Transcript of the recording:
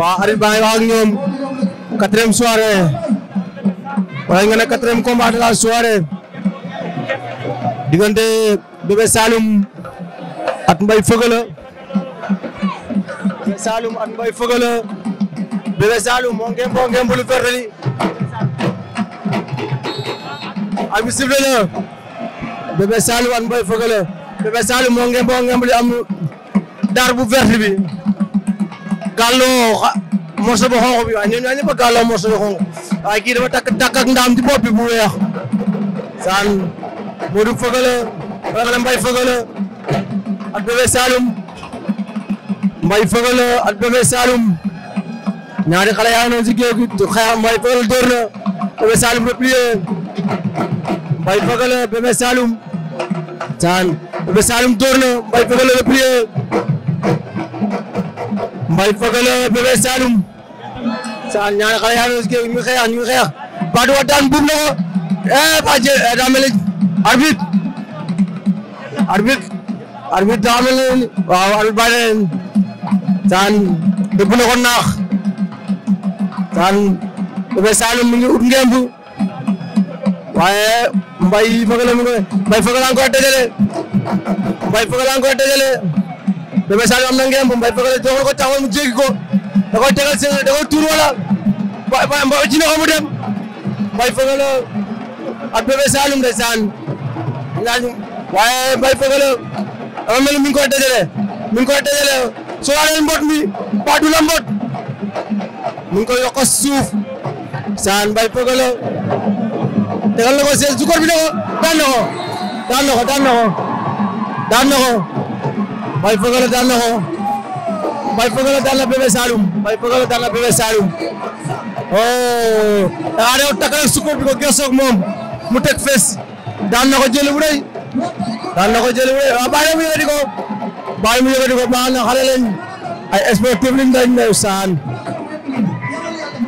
waaw Alioune Ba ngi wax ak ñoom quatrième soirée wala nga ne quatrième la soirée diggante Bébé Saloum ak Mbaye Feugeula Bébé Saloum ak Mbaye Feugeula Bébé Saloum moo ngeen boo ngeen bulu vert li am sifflé la Bébé Saloum ak Mbaye Feugeula moo ngeen boo ngeen bulu daar bu verte bi gàlloo morso bu xonq bi waaye ñoom ñoo ñëpp a gàlloo morso bu xonq waaye kii dafa takk takk ak ndaam ci bopp bi bu weex saan Modou Feugeuleu Feugeuleu Mbaye Feugeuleu ak Bébé Saloum Mbaye Feugeuleu ak Bébé Saloum gi xeex Mbaye Feugeuleu dóor na Bébé Saloum replié Mbaye Feugeuleu Bébé Saloum saan Bébé Saloum dóor na Mbaye Feugeuleu replié Mbaye Feugeuleu Bébé Saloum Saan ñaari xale yaa ngi ñu ngi xeex ñu ngi xeex Badou Wa daan buub na ko eh Badji eh, daa mel ni arbitre arbitre arbitre daa mel ni Saan dëpp na Saan Bébé Saloum mi ngi ut ngemb waaye Mbaye Feugeuleu mi ngi Mbaye Feugeuleu a ngi koy dajale Mbaye Feugeuleu a ngi Bébé Saloum am na ngemb Mbaye Feugeule doxal ko taxawal mu jéggi ko da koy tuur wala Mbaye Mbaye ci loxo mu dem Mbaye Feugeule ak Bébé waaye Mbaye Feugeule dafa mel ni mi ngi koy dajale mi mbot mi ba mbot mi ngi koy suuf saan Mbaye Feugeule tegal na ko seen sukkur bi ko daan na daan na Mbaye Feugeule daan na ko Mbaye Feugeule daan na Bébé Saloum Mbaye Feugeule daan na Bébé Saloum oh daa rew takk rek sukkur bi ko gëstoo ak moom mu teg fees daan na ko jëli bu rëy daan na ko jëli bu rëy waaw bàyyi mu yëkkati ko bàyyi mu yëkkati ko baax na xale ay sportif liñ dañ ne saan